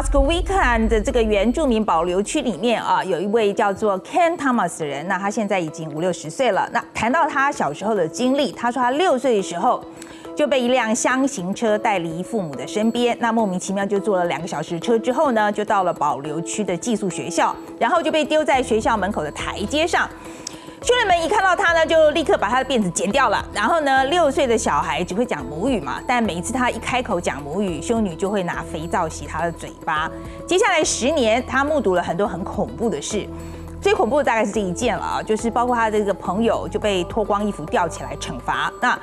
Ask、a s k Weekend 的這個原住民保留區裡面啊，有一位叫做 Ken Thomas 的人，那他現在已經五六十歲了。那談到他小時候的經歷，他說他六歲的時候就被一輛廂型車帶離父母的身邊，那莫名其妙就坐了兩個小時車之後呢，就到了保留區的寄宿學校，然後就被丟在學校門口的台階上。修女們一看到他呢，就立刻把他的辮子剪掉了。然後呢，六歲的小孩只會講母語嘛，但每一次他一開口講母語，修女就會拿肥皂洗他的嘴巴。接下來十年，他目睹了很多很恐怖的事，最恐怖的大概是這一件了啊，就是包括他的這個朋友就被脫光衣服吊起來懲罰。那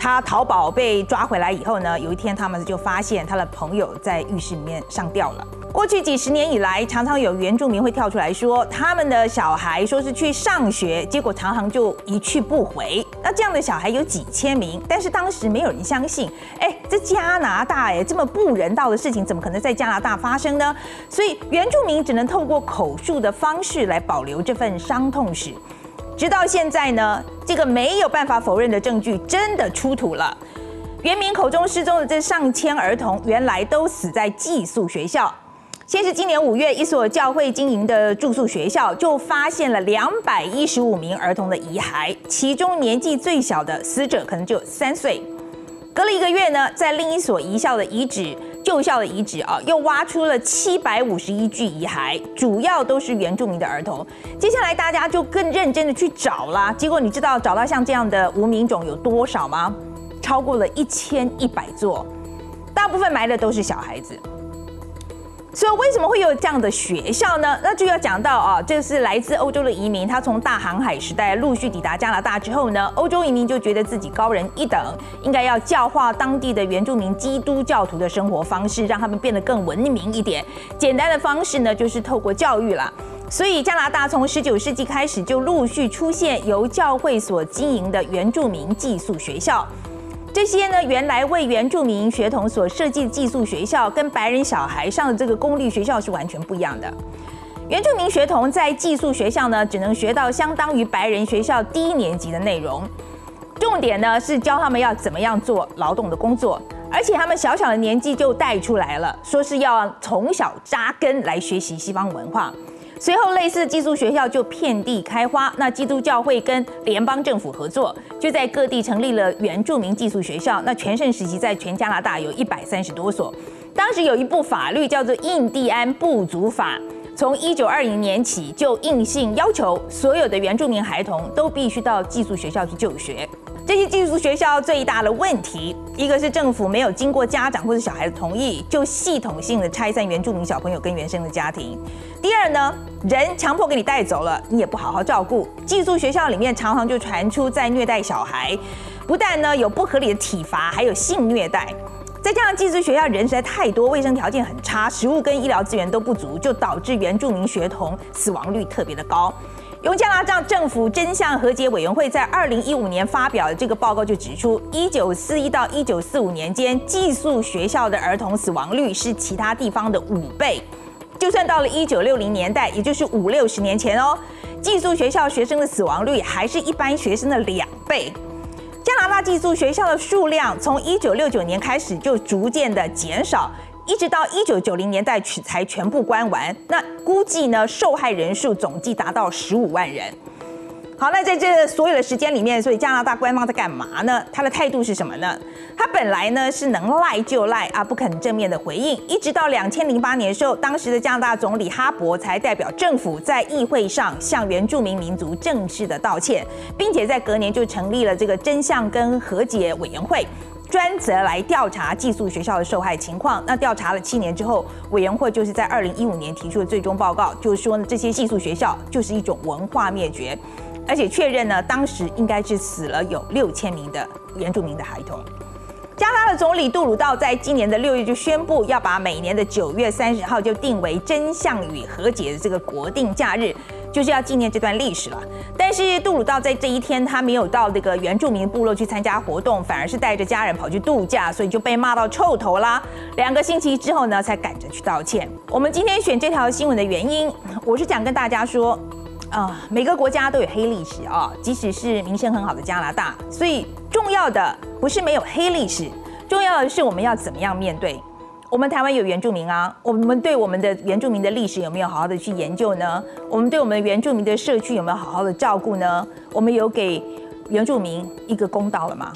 他逃跑被抓回來以後呢，有一天他們就發現他的朋友在浴室裡面上吊了。過去幾十年以來，常常有原住民會跳出來說，他們的小孩說是去上學，結果常常就一去不回。那這樣的小孩有幾千名，但是當時沒有人相信。哎，這加拿大哎，這麼不人道的事情，怎麼可能在加拿大發生呢？所以原住民只能透過口述的方式來保留這份傷痛史。直到現在呢，這個沒有辦法否認的證據真的出土了。原民口中失蹤的這上千兒童，原來都死在寄宿學校。先是今年五月，一所教會經營的住宿學校就發現了兩百一十五名兒童的遺骸，其中年紀最小的死者可能就三歲。隔了一個月呢，在另一所遺校的遺址。舊校的遺址啊，又挖出了七百五十一具遺骸，主要都是原住民的兒童。接下來大家就更認真的去找啦。結果你知道找到像這樣的無名冢有多少嗎？超過了一千一百座，大部分埋的都是小孩子。所以為什麼會有這樣的學校呢？那就要講到啊，這是來自歐洲的移民，他從大航海時代陸續抵達加拿大之後呢，歐洲移民就覺得自己高人一等，應該要教化當地的原住民基督教徒的生活方式，讓他們變得更文明一點。簡單的方式呢，就是透過教育了。所以加拿大從十九世紀開始就陸續出現由教會所經營的原住民寄宿學校。這些呢，原來為原住民學童所設計的寄宿學校，跟白人小孩上的這個公立學校是完全不一樣的。原住民學童在寄宿學校呢，只能學到相當於白人學校低年級的內容，重點呢是教他們要怎麼樣做勞動的工作，而且他們小小的年紀就帶出來了，說是要從小扎根來學習西方文化。隨後，類似寄宿學校就遍地開花。那基督教會跟聯邦政府合作，就在各地成立了原住民寄宿學校。那全盛時期，在全加拿大有一百三十多所。當時有一部法律叫做《印第安部族法》，從一九二零年起就硬性要求所有的原住民孩童都必須到寄宿學校去就學。這些寄宿學校最大的問題，一個是政府沒有經過家長或者小孩的同意，就系統性的拆散原住民小朋友跟原生的家庭。第二呢？人強迫給你帶走了，你也不好好照顧。寄宿學校裡面常常就傳出在虐待小孩，不但呢有不合理的體罰，還有性虐待，再加上寄宿學校人實在太多，衛生條件很差，食物跟醫療資源都不足，就導致原住民學童死亡率特別的高。由加拿大政府真相和解委員會在二零一五年發表的這個報告就指出，一九四一到一九四五年間寄宿學校的兒童死亡率是其他地方的五倍。就算到了一九六零年代，也就是五六十年前哦，寄宿學校學生的死亡率還是一般學生的兩倍。加拿大寄宿學校的數量從一九六九年開始就逐漸的減少，一直到一九九零年代才全部關完。那估計呢，受害人數總計達到十五萬人。好，那在這所有的時間裡面，所以加拿大官方在幹嘛呢？他的態度是什麼呢？他本來呢是能賴就賴啊，不肯正面的回應，一直到兩千零八年的時候，當時的加拿大總理哈珀才代表政府在議會上向原住民民族正式的道歉，並且在隔年就成立了這個真相跟和解委員會，專責來調查寄宿學校的受害情況。那調查了七年之後，委員會就是在二零一五年提出的最終報告，就是說呢，這些寄宿學校就是一種文化滅絕。而且確認呢，當時應該是死了有六千名的原住民的孩童。加拿大的總理杜魯道在今年的六月就宣布，要把每年的九月三十號就定為真相與和解的這個國定假日，就是要紀念這段歷史了。但是杜魯道在這一天他沒有到那個原住民部落去參加活動，反而是帶着家人跑去度假，所以就被罵到臭頭啦。兩個星期之後呢，才趕着去道歉。我們今天選這條新聞的原因，我是想跟大家說。啊，每個國家都有黑歷史啊，即使是名聲很好的加拿大，所以重要的不是沒有黑歷史，重要的是我們要怎麼樣面對。我們台灣有原住民啊，我們對我們的原住民的歷史有沒有好好的去研究呢？我們對我們原住民的社區有沒有好好的照顧呢？我們有給原住民一個公道了嗎？